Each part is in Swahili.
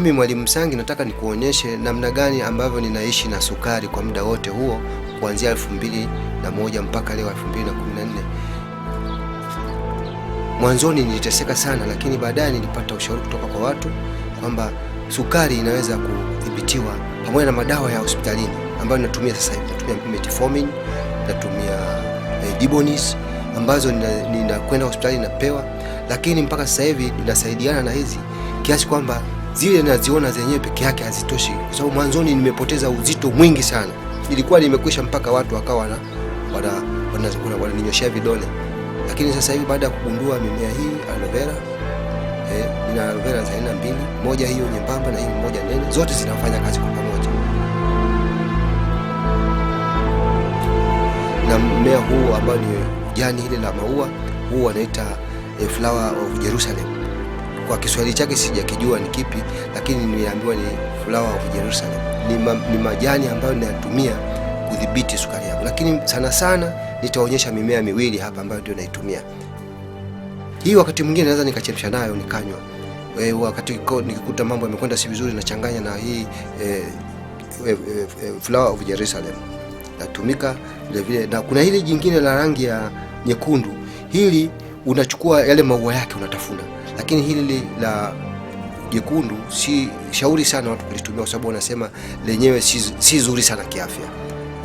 Mimi Mwalimu Msangi nataka nikuonyeshe namna gani ambavyo ninaishi na sukari kwa muda wote huo kuanzia elfu mbili na moja mpaka leo elfu mbili na kumi na nne. Mwanzoni niliteseka sana, lakini baadaye nilipata ushauri kutoka kwa watu kwamba sukari inaweza kudhibitiwa pamoja na madawa ya hospitalini ambayo natumia sasa hivi. Natumia metformin, natumia eh, Dibonis ambazo ninakwenda nina hospitali napewa, lakini mpaka sasa hivi ninasaidiana na hizi kiasi kwamba zile naziona zenyewe peke yake hazitoshi, kwa sababu mwanzoni nimepoteza uzito mwingi sana, ilikuwa nimekwisha mpaka watu wakawa wananinyoshea vidole. Lakini sasa hivi baada ya kugundua mimea hii aloe vera eh, nina aloe vera za aina mbili, moja hiyo nyembamba na hii moja nene, zote zinafanya kazi kwa pamoja, na mmea huu ambao ni jani ile la maua huu wanaita eh, flower of Jerusalem kwa Kiswahili chake sijakijua ni kipi, lakini niliambiwa ni flower of Jerusalem. Ni, ma, ni majani ambayo ninatumia kudhibiti sukari yangu, lakini sana sana nitaonyesha mimea miwili hapa ambayo ndio naitumia hii. Wakati mwingine naweza nikachemsha nayo nikanywa. E, wakati nikikuta mambo yamekwenda si vizuri, nachanganya na hii e, eh, e, eh, e, flower of Jerusalem natumika vilevile, na kuna hili jingine la rangi ya nyekundu hili unachukua yale maua yake unatafuna, lakini hili la jekundu si shauri sana watu kulitumia, kwa sababu wanasema lenyewe si, si zuri sana kiafya.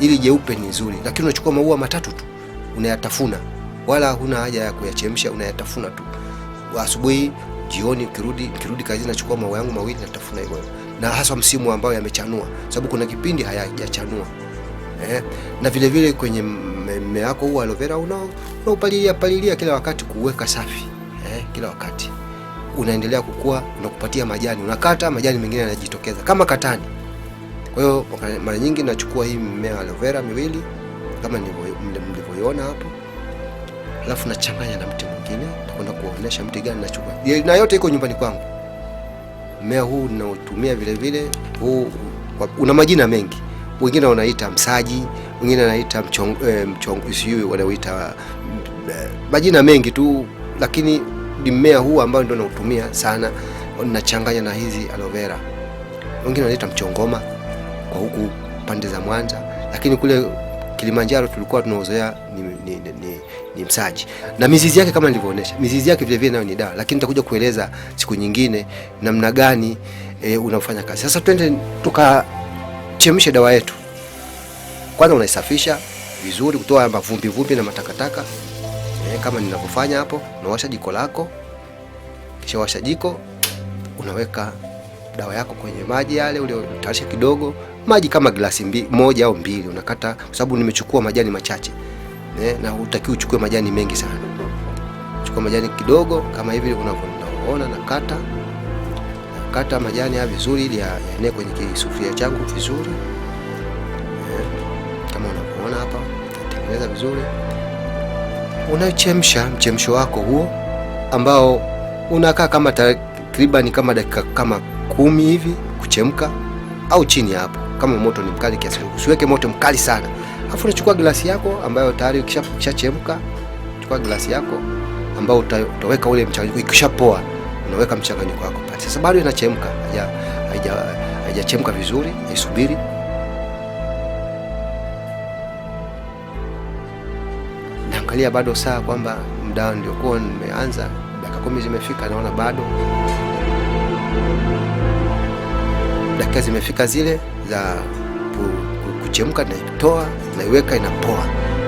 Ili jeupe ni zuri, lakini unachukua maua matatu tu unayatafuna, wala huna haja ya kuyachemsha, unayatafuna tu asubuhi, jioni. Ukirudi ukirudi kazini, nachukua maua yangu mawili natafuna hivyo, na hasa msimu ambao yamechanua, sababu kuna kipindi hayajachanua eh, na vile vile kwenye mmea wako huu aloe vera una unaupalilia palilia kila wakati kuweka safi eh, kila wakati unaendelea kukua, unakupatia majani, unakata majani mengine yanajitokeza kama katani. Kwa hiyo mara nyingi nachukua hii mmea aloe vera miwili kama mlivyoiona hapo, alafu nachanganya na mti mwingine. Nakwenda kuonesha mti gani nachukua, na yote iko nyumbani kwangu. Mmea huu ninaotumia vile vile huu una majina mengi, wengine wanaita msaji mwingine anaita mchong, eh, mchong, sijui wanaoita eh, majina mengi tu, lakini ni mmea huu ambao ndio nautumia sana, nachanganya na hizi aloe vera. Wengine wanaita mchongoma kwa huku pande za Mwanza, lakini kule Kilimanjaro tulikuwa tunaozoea ni, ni, ni, ni, ni msaji na mizizi yake kama nilivyoonesha Mizizi yake vile vile nayo ni dawa, lakini nitakuja kueleza siku nyingine namna gani e, unafanya kazi. Sasa twende tukachemshe dawa yetu. Kwanza unaisafisha vizuri, kutoa mavumbi vumbi na matakataka e, kama ninavyofanya hapo. Unawasha jiko lako, kisha washa jiko, unaweka dawa yako kwenye maji yale uliotayarisha kidogo, maji kama glasi mbi, moja au mbili. Unakata kwa sababu nimechukua majani machache e, na hutaki uchukue majani mengi sana. Chukua majani kidogo kama hivi unavyoona, nakata kata majani haya vizuri, ili yaenee kwenye kisufuria changu vizuri. Umeeleza vizuri. Unachemsha mchemsho wako huo ambao unakaa kama takriban kama dakika kama kumi hivi kuchemka au chini hapo, kama moto ni mkali kiasi. Usiweke moto mkali sana, afu unachukua glasi yako ambayo tayari ikishachemka, chukua glasi yako ambayo utaweka ule mchanganyiko. Ikishapoa unaweka mchanganyiko wako pale. Sasa bado inachemka, haijachemka vizuri, isubiri naangalia bado saa kwamba muda ndiokuwa nimeanza dakika kumi zimefika, naona bado dakika zimefika zile za kuchemka, naitoa naiweka, inapoa.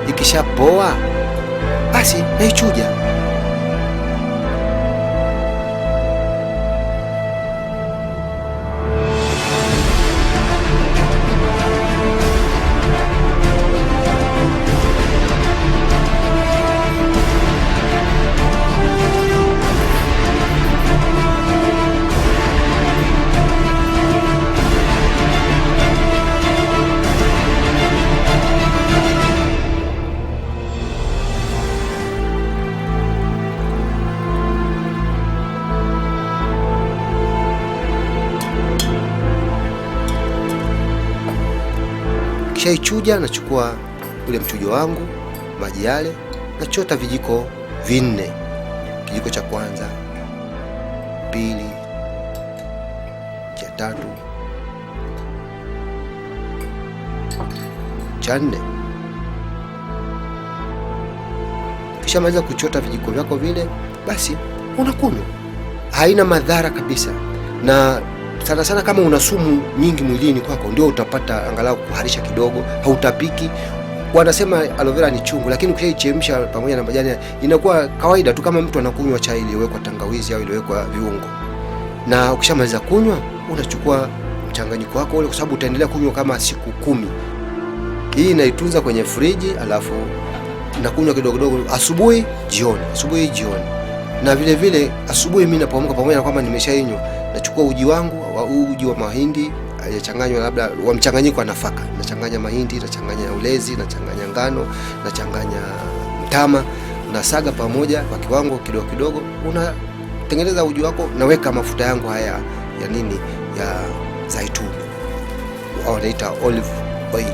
Ikishapoa basi naichuja. Nikishaichuja nachukua ule mchujo wangu maji yale, nachota vijiko vinne, kijiko cha kwanza, pili, cha tatu, cha nne. Ukishamaliza kuchota vijiko vyako vile, basi unakunywa, haina madhara kabisa na sana sana kama una sumu nyingi mwilini kwako, ndio utapata angalau kuharisha kidogo, hautapiki. Wanasema aloe vera ni chungu, lakini ukishaichemsha pamoja na majani inakuwa kawaida tu, kama mtu anakunywa chai iliyowekwa tangawizi au iliyowekwa viungo. Na ukishamaliza kunywa, unachukua mchanganyiko wako ule, kwa sababu utaendelea kunywa kama siku kumi. Hii inaitunza kwenye friji, alafu nakunywa kidogo kidogo, asubuhi jioni, asubuhi jioni na vile vile asubuhi mimi napoamka, pamoja na kwamba nimeshainywa, nachukua uji wangu wa uji wa mahindi yachanganywa labda wa mchanganyiko wa nafaka, nachanganya mahindi, nachanganya ulezi, nachanganya ngano, nachanganya mtama na saga pamoja kwa kiwango kidogo kidogo, unatengeneza uji wako. Naweka mafuta yangu haya ya nini ya zaituni, wanaita olive oil.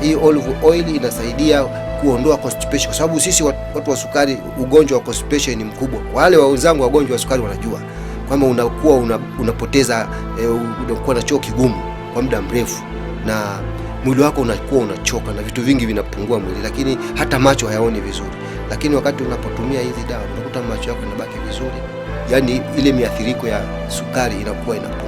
Hii olive oil inasaidia kuondoa constipation, kwa sababu sisi watu wa sukari, ugonjwa wa constipation ni mkubwa. Kwa wale wenzangu wagonjwa wa sukari wanajua kwamba unakuwa una, unapoteza e, unakuwa na choo kigumu kwa muda mrefu na mwili wako unakuwa unachoka na vitu vingi vinapungua mwili, lakini hata macho hayaoni vizuri. Lakini wakati unapotumia hizi dawa unakuta macho yako yanabaki vizuri, yaani ile miathiriko ya sukari inakuwa inapungua.